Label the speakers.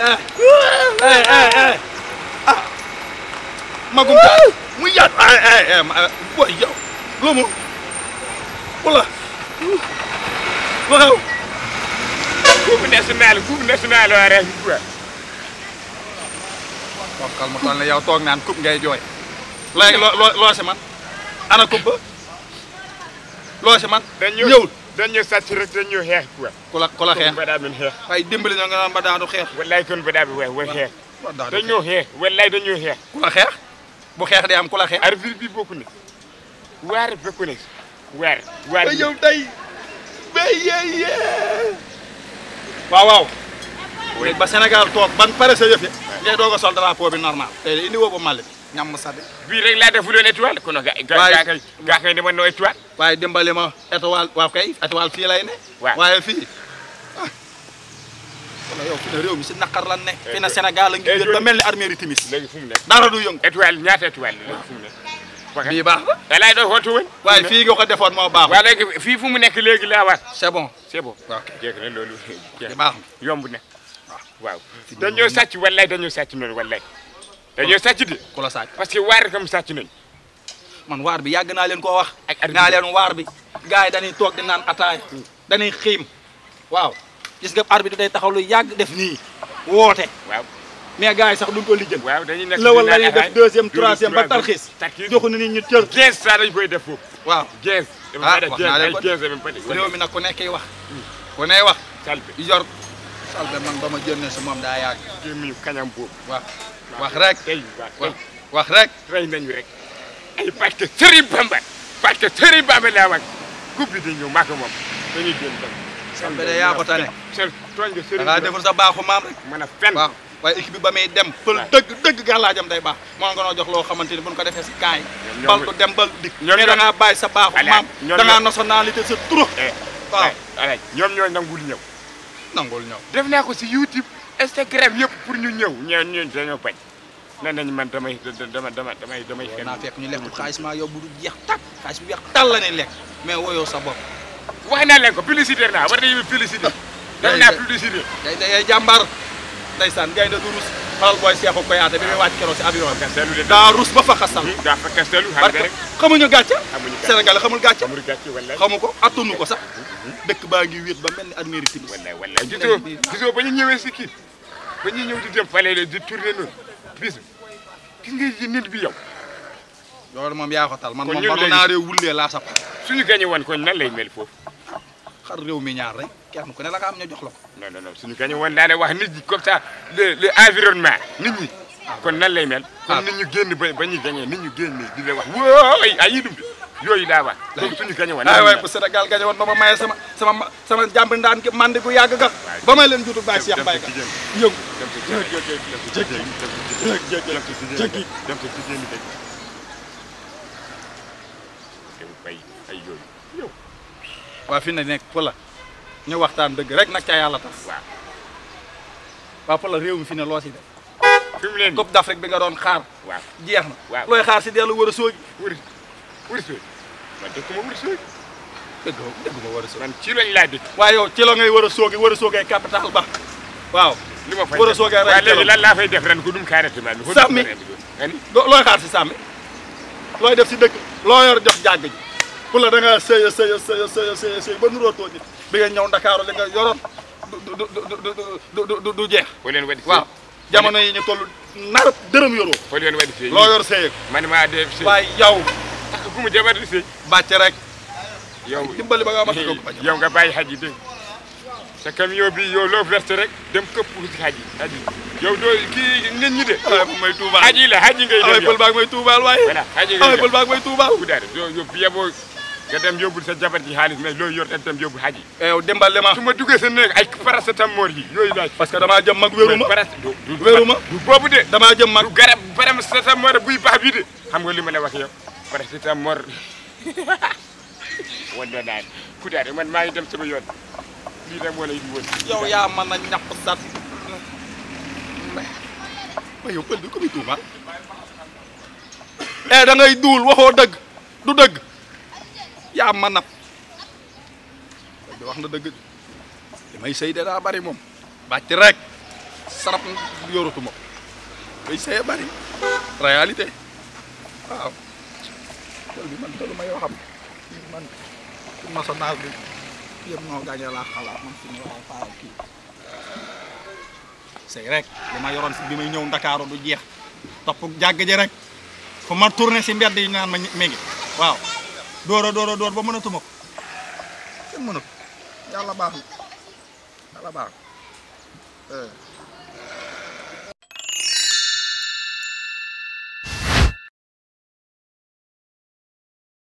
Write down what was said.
Speaker 1: ê ê ê ê à. magumta muyat ê ê ê boy yo lomo bola wow Cuba nasional, cuba nasional ada juga. Kau kalau mau tanya yang tuang nan cup gay joy. Lai lo lo lo seman. Anak cup. Lo seman. Dan nyul. dañu sàcc rek dañu xeex quoi. xeex kon xeex. waaye dimbali na nga naan ba xeex. bu xeex day am ku xeex. arbitre bi bokk na waar bokk na waar. waar bi yow tey bay yee yee. ba Sénégal pare sa yëf doog a sol drapeau bi normal. tey indi woo ñam sabe bii rek laa defuloo étoile kon ga ga kay ga kay dama waaye dimbali ma étoile waaw kay fii lay ne waaye fii ah. wala na réew mi si naqar lan ne na Sénégal la ngi mel ni armée timis léegi fu mu ne dara du yëngu étoile ñaata étoile léegi fu mu ne bii waaye fii nga ko defoon moo baax waaye fii fu mu nekk léegi laa waat c'est bon c'est bon waaw jeeg na loolu baax na yomb na waaw dañoo sàcc wallaay dañoo sàcc noonu dañoo sàcc ku la sàcc parce que waar kam sàcc nañ man waar bi yàgg naa leen koo wax naa leen waar bi gars yi dañuy toog di naan ataay dañuy xiim waaw gis nga arbitre day taxaw lu yàgg def nii woote waaw mais gars yi sax duñ ko lijjën waaw dañuy nekk lawal la ñuy def deuxième troisième ba tarxiis joxu na ñu cër gees saa dañ koy def foofu waaw gees ah wax naa leen ko mi nag ku nekkee wax ku ne wax salbe yor Selbé man ba ma génne si moom daa yàgg. gémmiñu kañam boobu. wax wax rek wax wax rek. rey nañu rek ay parce que Serigne Bamba parce que Serigne Bamba laa wax coupe bi di ñëw maa ko moom dañuy génn tam. Selbé de yaa ko tane. Selbé tooñ nga Serigne. da ngaa deful sa baaxu maam rek. mën a fen waaw équipe bi ba dem. waaw pël dëgg dëgg day baax. moo nga noo jox loo xamante ni ko defee si kaay. bal ko dem bal dik. ñoo da ngaa bàyyi sa baaxu maam. da ngaa nationalité sa trop. waaw ñoom ñooy nangu ñëw nangul ñëw. def naa ko si YouTube Instagram yëpp pour ñu ñëw ñooñu ñooñu dañoo bañ. nan nañ man damay dama dama damay damay. xel naa fekk ñu lekk xaalis maa yow bu du jeex tàkk xaalis bu jeex tàll ne lekk mais woyoo sa bopp. wax naa leen ko publicité naa war nañu publicité. def naa publicité. day day jàmbaar ndeysaan gaynde du rus xolal booy Cheikhou Kouyaté bi muy wàcc keroog si avion bi daa rus ba fa xasal parce que xamuñu gàcce Sénégal xamul gàcce xamu ko attunu ko sax dëkk baa ngi wéet ba mel ni arméeri timis gisoo gisoo ba ñu ñëwee si kii ba ñu ñëw di dem fale le di tourné noonu bis gis nga ji nit bi yow loolu moom yaa ko tal man moom ba naa réew wullee laa sap suñu gañe woon kon nan lay mel foofu xar réew mi ñaar rek kenn ku ne la nga am ñu jox la ko. non suñu gañu woon daane wax nit ñi comme ça le le environnement nit ñi. Ah. kon nan lay mel. comme ah. nit ñu génn ba ba ñu gañee nit ñu génn di la wax woo ay ay yidum yooyu daa wax. donc suñu gañu woon. waaw waaw bu senegal gañe woon ba ma maye sama sama sama jàmb ndaan ki mandi gu yàgg ga. ba may leen juutu bàyyi si yàq bàyyi ka yëngu. jéggi waaw fi ne nekk wala ñu waxtaan deug rek nak ca yalla tax wa fa la rew mi fi ne loo si def fim leen coupe d'Afrique bi nga doon xaar wa jeex na waaw looy xaar si dellu war a sooji wër wër sooji man dëkk ma wër sooji dëgg dëgg ma war a soogi man ci lañ laa dëkk waaw yow ci la ngay war a soogi war capital ba waaw li fay war a soogee ren waaw lan laa fay def ren ko dum carrément ma sàmmi looy xaar si sàmmi looy def si dëkk loo yor jox jàgg ji pour la da ngaa sëy sëy sëy sëy sëy sëy ba nurootoo nit bi nga ñëw ndakaaru li nga yoroon du du du du du du jeex. booy jamono yi ñu toll nar dërëm yoroo. booy leen weddi fii loo yor sëy ko. man maa dee yow. di sëy. bàcc rek. yow dimbali ba nga wax nga bàyyi xaj yi dégg sa camion bi yow loo verte rek dem këpp xaj yi xaj yi yow doo kii nit ñi de. waaye moom may tuubaal xaj yi la xaj yi ngay dem yow waaye pël may tuubaal waaye. voilà xaj yi ngay dem waaye pël nga dem yóbbul sa jabar ji xaalis mais loolu yor tam dem yóbbul eh, ma su ma duggee sa néeg ay paracetamol yi yooyu laaj parce que damaa jam mag wéru ma wéru ma du boobu de damaa jëm mag garab paracetamol buy baax bi de xam nga li ma la wax yow paracetamol wala daal kudaare man maa ngi dem sama yoon lii yow yaa mën a ñàpp sat ma yow eh, duul waxoo dëgg du dëgg yaa wax na dëgg li may sëy bari moom bàcc rek sarap yorutuma may sëye bari réalité waaw tol bi man tolu ma yoo man ci masa naas bi yëpp noo gaañe laa xalaat man si ñu waxee faaw rek du jeex rek fu ma mbedd yi naan ma door a door a door ba mënatuma ko kenn mënatu yàlla baax na yàlla baax eh.